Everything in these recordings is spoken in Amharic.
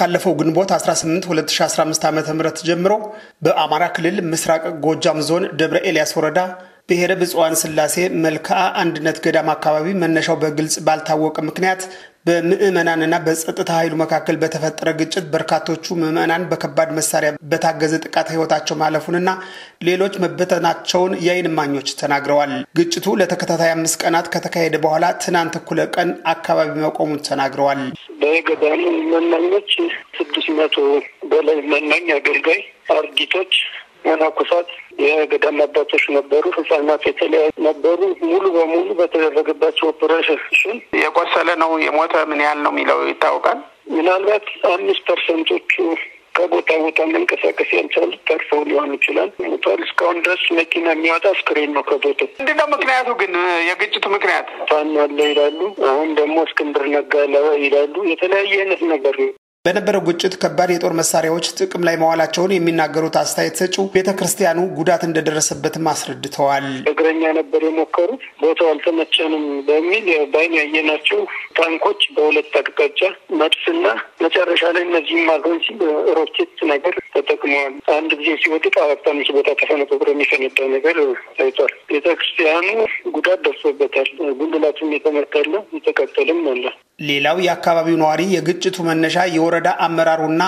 ካለፈው ግንቦት 18 2015 ዓ ም ጀምሮ በአማራ ክልል ምስራቅ ጎጃም ዞን ደብረ ኤልያስ ወረዳ ብሔረ ብፅዋን ሥላሴ መልክዓ አንድነት ገዳም አካባቢ መነሻው በግልጽ ባልታወቀ ምክንያት በምዕመናንና በጸጥታ ኃይሉ መካከል በተፈጠረ ግጭት በርካቶቹ ምዕመናን በከባድ መሳሪያ በታገዘ ጥቃት ሕይወታቸው ማለፉንና ሌሎች መበተናቸውን የአይን እማኞች ተናግረዋል። ግጭቱ ለተከታታይ አምስት ቀናት ከተካሄደ በኋላ ትናንት እኩለ ቀን አካባቢ መቆሙን ተናግረዋል። በገዳሙ መናኞች ስድስት መቶ በላይ መናኝ አገልጋይ አርጊቶች መነኮሳት የገዳም አባቶች ነበሩ፣ ህጻናት የተለያዩ ነበሩ። ሙሉ በሙሉ በተደረገባቸው ኦፕሬሽን የቆሰለ ነው የሞተ ምን ያህል ነው የሚለው ይታወቃል። ምናልባት አምስት ፐርሰንቶቹ ከቦታ ቦታ መንቀሳቀስ ያልቻሉ ተርፈው ሊሆን ይችላል። ሞቷል። እስካሁን ድረስ መኪና የሚያወጣ አስክሬን ነው ከቦታው። ምንድነው ምክንያቱ ግን የግጭቱ ምክንያት? ፋኖ አለ ይላሉ። አሁን ደግሞ እስክንድር ነጋ ለ ይላሉ። የተለያየ አይነት ነገር ነው። በነበረው ግጭት ከባድ የጦር መሳሪያዎች ጥቅም ላይ መዋላቸውን የሚናገሩት አስተያየት ሰጪው ቤተ ክርስቲያኑ ጉዳት እንደደረሰበትም አስረድተዋል። እግረኛ ነበር የሞከሩት ቦታው አልተመቸንም በሚል በአይን ያየናቸው ታንኮች በሁለት አቅጣጫ መድፍና መጨረሻ ላይ እነዚህም አልሆን ሲል ሮኬት ነገር ተጠቅመዋል። አንድ ጊዜ ሲወድቅ አራት አምስት ቦታ ተፈነጥሮ የሚፈነዳ ነገር ታይቷል። ቤተ ክርስቲያኑ ጉዳት ደርሶበታል። ጉንድላቱም የተመታለ የተቀጠልም አለ። ሌላው የአካባቢው ነዋሪ የግጭቱ መነሻ የወረዳ አመራሩና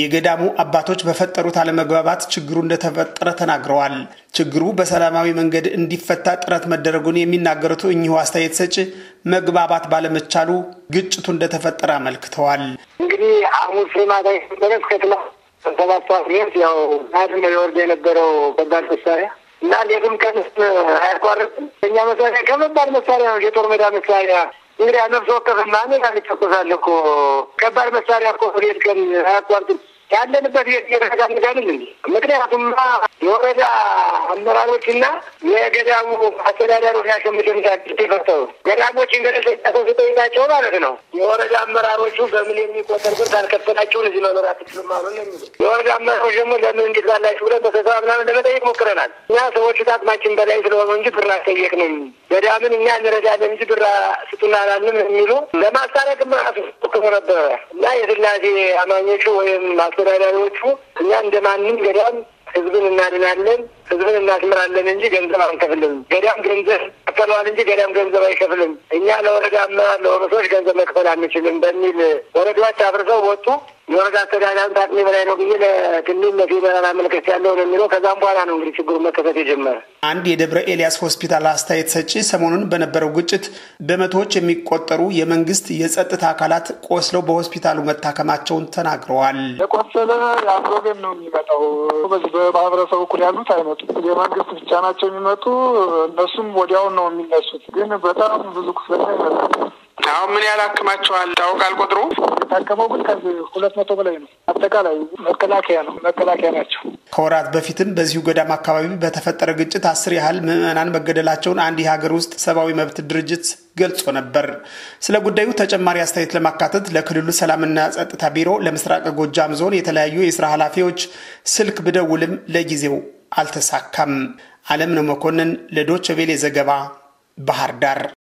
የገዳሙ አባቶች በፈጠሩት አለመግባባት ችግሩ እንደተፈጠረ ተናግረዋል። ችግሩ በሰላማዊ መንገድ እንዲፈታ ጥረት መደረጉን የሚናገሩት እኚሁ አስተያየት ሰጪ መግባባት ባለመቻሉ ግጭቱ እንደተፈጠረ አመልክተዋል። እንግዲህ ሐሙስ ማታ እስከ ትናንት ሰባት ሰዓት ያው ናድነ የወርድ የነበረው ከባድ መሳሪያ እና ሌትም ቀን አያቋርጥም። እኛ መሳሪያ ከመባድ መሳሪያ ነው የጦር ሜዳ መሳሪያ እንግዲህ ነፍስ ወከፍማ እኔ ጋር ይተኮሳል እኮ ከባድ መሳሪያ እኮ ሌት ቀን አያቋርጥም። ያለንበት ቤት እየተረጋጋልን እንዲ ምክንያቱማ የወረዳ አመራሮችና የገዳሙ አስተዳዳሪዎች ናቸው ምድምታቸው የፈተው ገዳሞችን ገለሰጣሰው ስጠይቃቸው ማለት ነው የወረዳ አመራሮቹ በምን የሚቆጠር ብር አልከፈላችሁን እዚህ መኖር አትችሉም አሉ የሚሉ የወረዳ አመራሮች ደግሞ ለምን እንዴት ባላችሁ ብለን በተሰባብና ለመጠየቅ ሞክረናል። እኛ ሰዎቹ ታቅማችን በላይ ስለሆነ እንጂ ብር አልጠየቅንም። ገዳምን እኛ እንረዳለን እንጂ ብር ስጡን አላልንም የሚሉ ለማስታረቅ ራሱ ተወቅቶ ነበረ እና የስላሴ አማኞቹ ወይም አስተዳዳሪዎቹ እኛ እንደ ማንም ገዳም ህዝብን እናድናለን፣ ህዝብን እናስምራለን እንጂ ገንዘብ አንከፍልም። ገዳም ገንዘብ ከፍለዋል እንጂ ገዳም ገንዘብ አይከፍልም። እኛ ለወረዳና ለወረሶች ገንዘብ መክፈል አንችልም በሚል ወረዳዎች አፍርሰው ወጡ። የወረዳ አስተዳዳሪ ታቅሜ በላይ ነው ብዬ ለትንኝ ለፌዴራል አመልከት ነው የሚለው ከዛም በኋላ ነው እንግዲህ ችግሩ መከሰት የጀመረ። አንድ የደብረ ኤልያስ ሆስፒታል አስተያየት ሰጪ ሰሞኑን በነበረው ግጭት በመቶዎች የሚቆጠሩ የመንግስት የጸጥታ አካላት ቆስለው በሆስፒታሉ መታከማቸውን ተናግረዋል። የቆሰለ ያ ነው የሚመጣው። በዚህ በማህበረሰቡ እኩል ያሉት አይመጡም። የመንግስት ብቻ ናቸው የሚመጡ። እነሱም ወዲያውን ነው የሚነሱት። ግን በጣም ብዙ ክፍለኛ ይመጣል። አሁን ምን ያህል አክማቸዋል ታውቃል? ቁጥሩ የታከመው ግን ሁለት መቶ በላይ ነው። አጠቃላይ መከላከያ ነው መከላከያ ናቸው። ከወራት በፊትም በዚሁ ገዳም አካባቢ በተፈጠረ ግጭት አስር ያህል ምዕመናን መገደላቸውን አንድ የሀገር ውስጥ ሰብአዊ መብት ድርጅት ገልጾ ነበር። ስለ ጉዳዩ ተጨማሪ አስተያየት ለማካተት ለክልሉ ሰላምና ጸጥታ ቢሮ ለምስራቅ ጎጃም ዞን የተለያዩ የስራ ኃላፊዎች ስልክ ብደውልም ለጊዜው አልተሳካም። አለም ነው መኮንን ለዶቸቬሌ ቬሌ ዘገባ ባህር ዳር